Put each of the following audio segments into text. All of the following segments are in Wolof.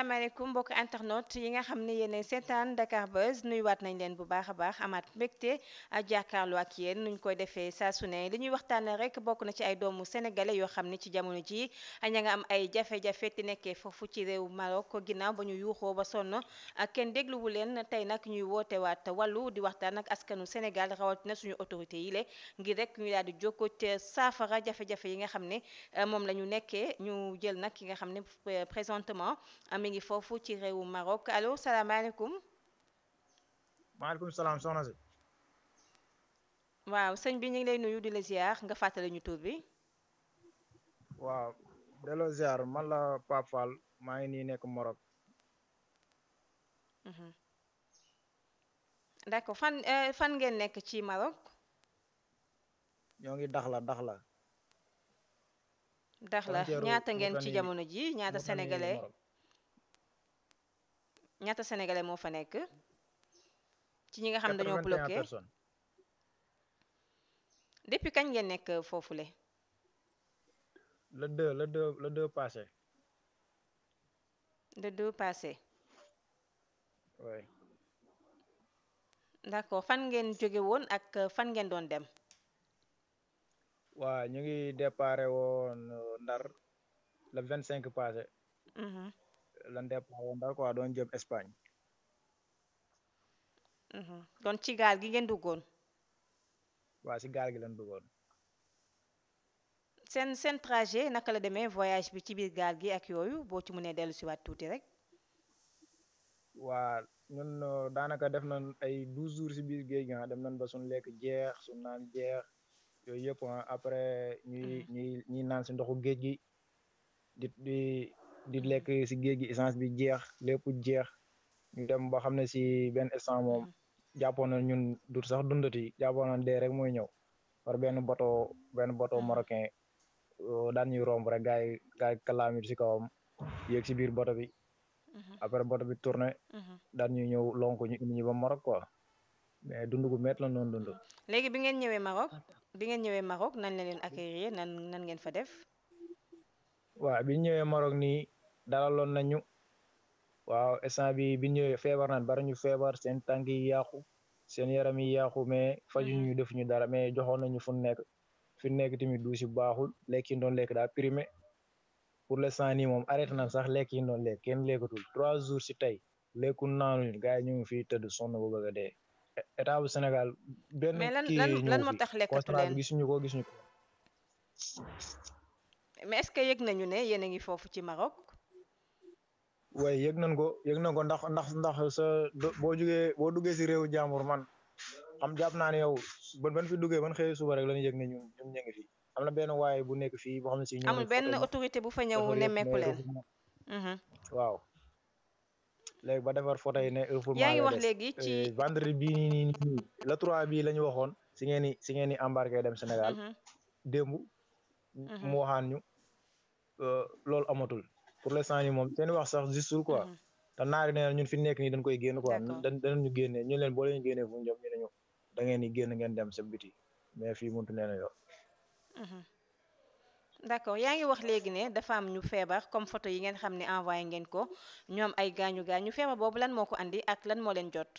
asalaamaaleykum mbokk internet yi nga xam ne yéen seetaan Dakar Buzz nuyuwaat nañ leen bu baax a baax amaat mbégte jàkkaarloo ak yéen nuñ koy defee saa su ne li ñuy waxtaanee rek bokk na ci ay doomu sénégalais yoo xam ne ci jamono ji ña nga am ay jafe-jafe te nekkee foofu ci réew Maroc ginnaaw ba ñu yuuxoo ba sonn kenn dégluwu leen tey nag ñuy woote waat wàllu di waxtaan ak askanu Sénégal rawatina suñu autorité yi le ngir rek ñu daal di jokkoo te saafara jafe yi nga xam ne euh, moom la ñu nekkee ñu jël nag ki nga xam ne euh, présentement euh, mi ngi foofu ci réewu Maroc alo salaamaaleykum. maaleykum salaam soxna si. waaw sëñ bi ñu ngi lay nuyu di la nga fàttali ñu tur bi. waaw delloo ziar man la Pape Fall maa ngi nii nekk Maroc. Mhm. d'accord fan euh, fan ngeen nekk ci Maroc. ñoo ngi Dakhla Dakhla. Dakhla ñaata ngeen ci jamono ji ñaata sénégalais. ñaata sénégalais moo fa nekk ci ñi nga xam dañoo bloqué depuis kañ ngeen nekk foofu le deux le deux le deux passé. le deux passé. oui. d' accord fan ngeen jóge woon ak euh, fan ngeen doon dem. waaw ñu ngi déparé woon euh, Ndar le vingt cinq passé. Mm lan départ woon daal quoi doon jëm Espagne. Mhm. kon ci gaal gi ngeen duggoon. waaw ci gaal gi lan duggoon. seen seen trajet naka la demee voyage bi ci biir gaal gi ak yooyu boo ci mënee dellu si waat tuuti rek. waa ñun euh, daanaka def nañ ay douze jours si biir géej gi ah. dem nañ ba suñ lekk jeex suñ naan jeex yooyu yëpp ah. après mhm. ñuy ñuy naan si ndoxu géej gi di di di lekk si géej gi essence bi jeex lépp jeex ñu dem ba xam ne si benn instant moom mm-hmm. jàppoon na ñun dut sax dundati jàppoon na dee rek mooy ñëw par benn boto benn bateau mm-hmm. marocain euh, daan ñuy romb rek gars yi gars yi kalaamit si kawam yéeg si biir boto bi mm-hmm. après bateau bi tourné daan ñuy ñëw lonk ñu indi ñu ba Maroc quoi mais dund gu métti la noonu dund léegi bi ngeen ñëwee Maroc bi ngeen ñëwee Maroc nan leen accueillir nan nan ngeen fa def waaw biñ ñëwee Maroc nii dalaloon nañu waaw instant bi biñ ñëwee feebar naan bari ñu feebar seen tànk yi yàqu seen yaram yi yàqu mais fajuñu mm. def ñu dara mais joxoon nañu fu nekk fi nekk tamit duusi baaxul lekk yi doon lekk daa primé pour l'instant nii moom arrêté nañ sax lekk yi doon lekk kenn lekkatul trois jours si tey lekku naanuñu gars yi ñu ngi fii tëdd sonn bu bëgg a dee état bu Sénégal benn kii ñu ngi fi contrat bi ko gisuñu ko mais est que yëg nañu ne yéen ngi foofu ci Maroc. waaye yëg nañ ko yëg nañ ko ndax ndax ndax sa boo jugee boo duggee si réew jàmbur man xam jàpp naa ne yow ban ban fi duggee ban xëy suba rek la yëg ne ñun ñun fi am na benn waaye bu nekk fii boo xam ne si. amul benn autorité bu fa ñëw nemmeeku leen. Mhm. waaw. léegi ba defar photo yi ne. yaa ngi wax léegi euh, ci vendredi bii nii nii la trois bii la ñu waxoon si ngeeni i si ngeen i embarqué dem Sénégal. Mhm. démb. Mhm. mu waxaan ñu Euh, lool amatul pour l'instant ni moom seen wax sax justul quoi mm-hmm. te naari nee ñun fi nekk nii dañ koy génn quoi dañ ñu génnee ñu leen boo leen génnee fu ñu da ngeen di génn ngeen dem sa biti mais fii muntu nee na yow mm-hmm. d'accord yaa ngi wax léegi ne dafa am ñu feebar comme foto yi ngeen xam ne envoyé ngeen ko ñoom ay gaañu gaañu feebar boobu lan moo ko andi ak lan moo leen jot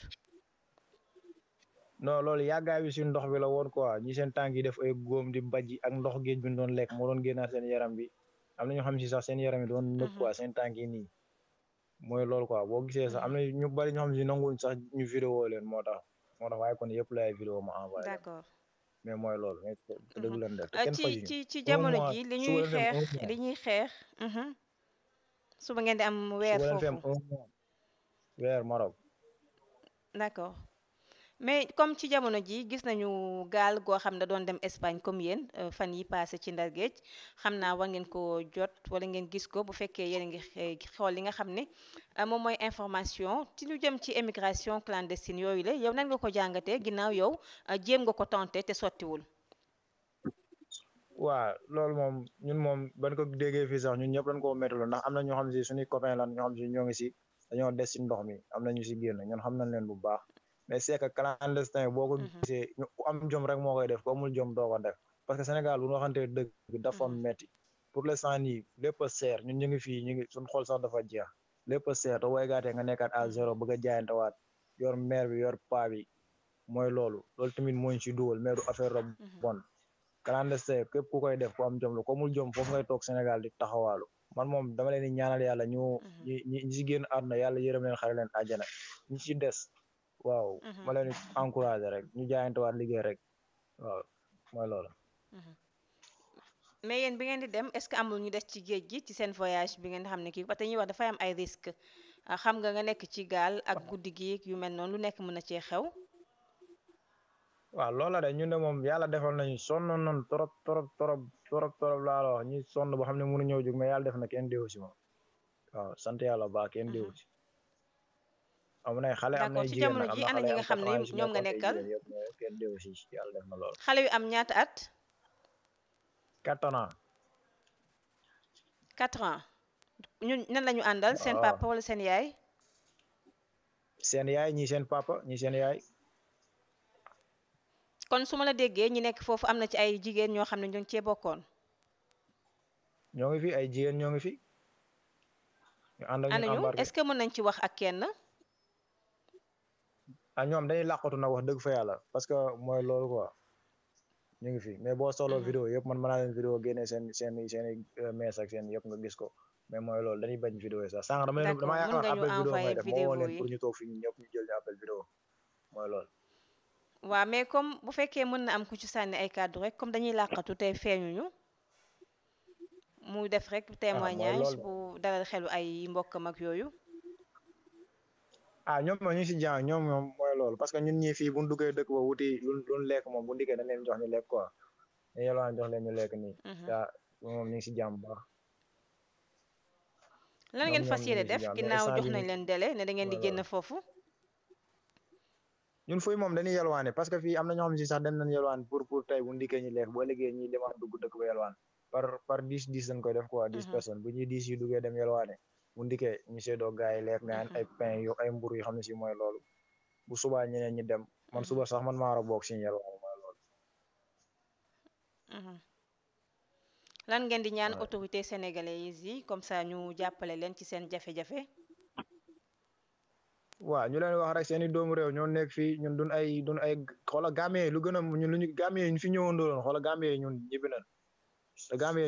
non loolu yàggaay bi si ndox bi la woon quoi ñi seen tànk def ay góom di bajji ak ndox géej bi doon lekk moo doon génnaat seen yaram bi am na ñoo xam si sax seen yaram yi doon nëb mhm. quoi seen tànk yi mooy lool quoi boo gisee sax am na ñu bari ñoo xam si nanguwuñ sax ñu vidéo leen moo tax moo tax waaye kon yëpp laay vidéo ma envoyé d'accord mais mooy loolu dëgg mhm. leen def ah, kenn fajuñu ci ci jamono ji li ñuy xeex li ñuy xeex suba ngeen di am weer foofu weer Maroc d'accord mais comme ci jamono ji gis nañu gaal goo xam ne doon dem Espagne comme yéen euh, fan yi passé ci Ndar géej xam naa war ngeen ko jot wala ngeen gis ko bu fekkee yéen a ngi eh, xool li nga xam ne euh, moom mooy information ci lu jëm ci émigration clandestine yooyu la yow nan nga ko jàngatee ginnaaw yow euh, jéem nga ko tenté te sottiwul. waaw loolu moom ñun moom ban ko déggee fii sax ñun ñëpp dañ koo méttilu ndax am na ñoo xam si suñuy copain lan ñoo xam si ñoo ngi si dañoo des si ndox mi am na ñu si génn ñun xam nañ leen bu baax. mais c'est que clandestin boo ko mhm. gisee ku am jom rek moo koy def ku amul jom doo ko def parce que Sénégal bu ñu waxantee dëgg dafa mhm. metti pour l'instant nii lépp a seer ñun ñu ngi fii ñu ngi suñ xool sax dafa jeex lépp a seer te waygaatee nga nekkaat à zéro bëgg waat jaayantewaat yor maire bi yor paa bi mooy loolu loolu tamit mooñ ci dugal mais du affaire rob mhm. bon clandestin képp ku koy def ku am jom la ku amul jom foofu ngay toog Sénégal di taxawaalu man moom dama leen di ñaanal yàlla ñu ñi ñi si yàlla yërëm leen xare leen àjjana ñi waaw mhm. ma leen encouragé rek ñu jaayante waat liggéey rek waaw mooy loolu mhm. mais yéen bi ngeen di dem est-ce que amul ñu des ci géej gi ci seen voyage bi ngeen xam ne kii parce que ñu wax dafa am ay risque ah, xam nga nga nekk ci gaal ak ah. guddi gi yu mel noonu lu nekk mën na cee xew waaw loola de ñu ne moom yàlla defal nañu sonn noonu trop trop trop trop trop laa la wax ñu sonn boo xam ne mënu ñëw jóg mais yàlla def na kenn déewu si moom waaw sant yàlla am nay xale am nay jigéen d'accord ñi nga xam ne ñoom nga nekkal kenn deewu si yàlla na lool xale yu am ñaata at quatre ans quatre nan la àndal seen papa wala seen yaay seen yaay ñi seen papa ñi seen yaay kon su ma la déggee ñi nekk foofu am na ci ay jigéen ñoo xam ne ñoo ngi cee bokkoon ñoo ngi fi ay jigéen ñoo ngi fi ñu ànd ak ñu est-ce que mën nañ ci wax ak kenn ah ñoom dañuy làqatu na wax dëgg fa yàlla parce que mooy loolu quoi ñu ngi fi mais boo soxloo mhm. vidéo yëpp man mën naa leen vidéo génne seen seen seen i euh, mees ak seen yëpp nga gis ko mais mooy lool dañuy bañ vidéo yi sax sànq dama leen dama yaakaar appel ñu toog fi ñu ñëpp ñu jël ñu appel vidéo mooy loolu waaw mais comme bu fekkee mën na am ku ci sànni ay kàddu rek comme dañuy làqatu tey feeñuñu mu def rek ah, témoignage bu dalal xelu ay mbokkam ak yooyu ah ñoom ñoo ñu si jàng ñoom ñoom mooy loolu parce que ñun ñii fii bu ñu duggee dëkk ba wuti lu lu lekk moom bu ndikkee dañ leen jox ñu lekk quoi ñu yalwaan jox leen ñu lekk nii. Mhm. moom ñu ngi si jàmm baax. lan ngeen fas yéene def jox nañ leen délai ne da ngeen di génn foofu. ñun fuy moom dañuy yalwaane parce que fii am na ñoo si sax dem nañ yalwaan pour pour tey bu ndikkee ñu lekk boo liggéey ñuy demaat dugg dëkk ba yalwaan par par dix dix koy def quoi dix mhm. personnes bu ñuy mu ndikee ñu seedoo gars yi leer naan mm-hmm. ay pain yu ay mburu yoo xam ne si mooy loolu bu subaa ñeneen ñi dem man suba sax man maa war a bokk si ñeer waaw mooy loolu mm-hmm. lan ngeen di ñaan autorité sénégalaises yi comme ça ñu jàppale leen ci seen jafe-jafe waaw ñu leen wax rek seen i doomu réew ñoo nekk fii ñun duñ ay duñ ay xoola Gambie lu gën a ñun lu ñu Gambie ñu fi ñëwandoo doon xoola Gambie ñun ñibbi nañ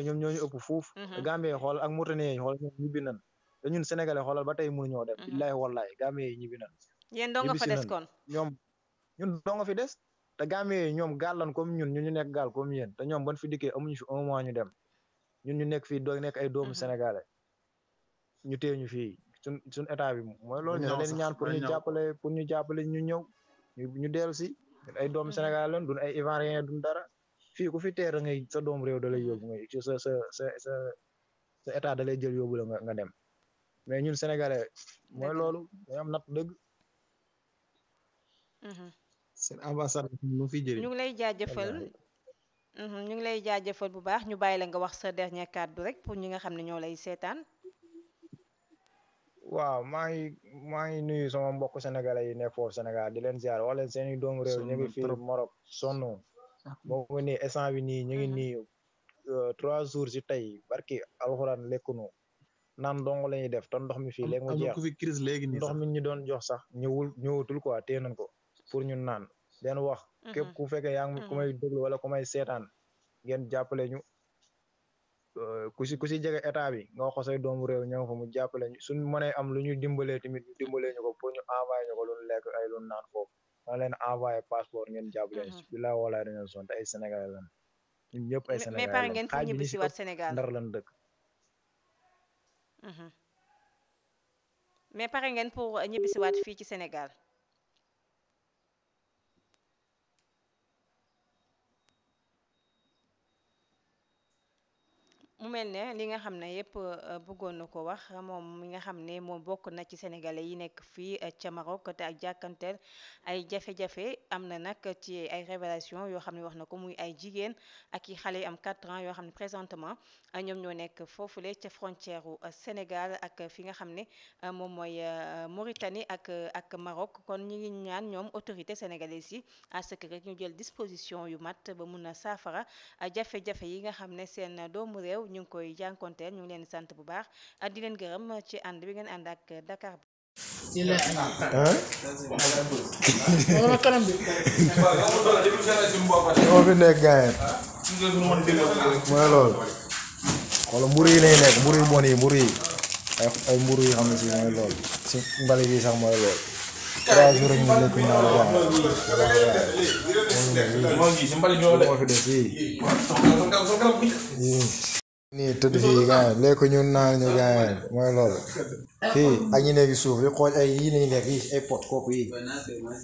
ñoom ñoo ñu ëpp fuuf mm-hmm. te Gambie xool ak Mauritanie xool ñoom te ñun sénégalais xoolal ba tey mënuñoo dem. Mm-hmm. billaahi wallaahi Gambie yi ñibbi nañ. yéen fa des kon ñoom ñun doo nga fi des. te Gambie yi ñoom gaal lan ñun ñu nekk gaal comme yéen te ñoom ban fi dikkee amuñu fi un mois ñu dem ñun ñu nekk fii doo nekk ay doomu mm-hmm. sénégalais ñu téye ñu fii suñ suñ état bi mooy loolu. ñu ñaan pour ñu jàppale pour ñu jàppale ñu ñëw ñu dellu si. ay doomu mm-hmm. sénégalais lan duñ ay ivoirien duñ dara fii ku fi teer ngay sa doom réew da lay sa sa sa sa état da lay jël yóbbu nga dem mais ñun sénégalais mooy loolu day am natt dëgg. Mhm. seen ambassade mu fi ñu ngi lay jaajëfal mhm, ñu ngi lay jaajëfal bu baax ñu bàyyi la nga wax sa dernier kàddu rek pour ñi nga xam ne ñoo lay seetaan. waaw maa ngi maa ngi nuyu sama mbokk sénégalais yi nekk foofu Sénégal di leen ziar wax leen seen i doomu réew ñu ngi fi Maroc sonn boobu nii instant bi nii ñu ngi mhm. nii euh, trois jours si tey barki alxuraan lekkunu naan dong la ñuy def ton ndox mi fii léegi mu jeex fi crise léegi nii ndox mi ñu doon jox sax ñëwul ñëwatul quoi téye nañ ko pour ñun naan den wax mm-hmm. képp ku fekkee yaa ngi may mm-hmm. wala ku may seetaan ngeen jàppale ñu euh, ku si ku si jege état bi nga wax ko say doomu réew ña nga fa mu jàppale ñu suñ mënee am lu ñu dimbalee tamit ñu dimbalee ñu ko pour ñu envoyé ñu ko lekk ay lu ñu naan foofu danga leen envoyé passeport ngeen jàppale ñu si mm-hmm. bilaa walaay dañoo ay sénégalais lan ñun ñëpp ay sénégalais lan xaaj bi ñu si ndar lan dëkk mais pare ngeen pour euh, ñibbisiwaat fii ci Sénégal. mu mel ne li nga xam ne yëpp euh, bëggoon na ko wax moom mi nga xam ne moom bokk na ci sénégalais yi nekk fii euh, ca Maroc te ak jàkkanteel ay jafe-jafe am na nag ci ay révélation yoo xam ne wax na ko muy ay jigéen ak i xale yi am 4 ans yoo xam ne présentement euh, ñoom ñoo nekk foofule ca frontière u Sénégal ak fi nga xam ne moom mooy Mauritanie ak ak Maroc kon ñi ngi ñaan ñoom autorité sénégalaises yi à que rek ñu jël disposition yu mat ba mun a saafara jafe-jafe yi nga xam ne seen doomu réew ñu ngi koy jànkonteel ñu ngi leen sant bu baax di leen gërëm ci ànd bi ngeen ànd ak Dakar. moo fi nekk gars yi mooy loolu wala mburu yi lay nekk mburu yu bon yi mburu yi ay mburu yi xam ne si mooy loolu mbali yi sax mooy loolu moo fi des yi nii tëdd fii gars yi lekk ñun naan ñu gars yi mooy lool fii ak ñi nekk suuf di xool ay yii lañu lekk yii ay pot kooku yii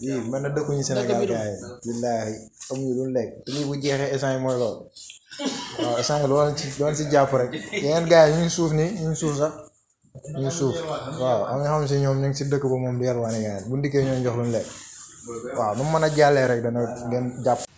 yii man na dëkkuñu Sénégal gars yi. billaahi amuñu lu lekk. lii bu jeexee échange mooy loolu. waaw échange lool lañ ci loolu ci jàpp rek. yeneen gars yi ñu suuf ni ñu suuf sax ñu suuf waaw am nga xam si ñoom ñu ngi si dëkk ba moom di yalwaane gars yi bu ndikkee ñoo jox lu lekk. waaw nu mu a jàllee rek dana jàpp.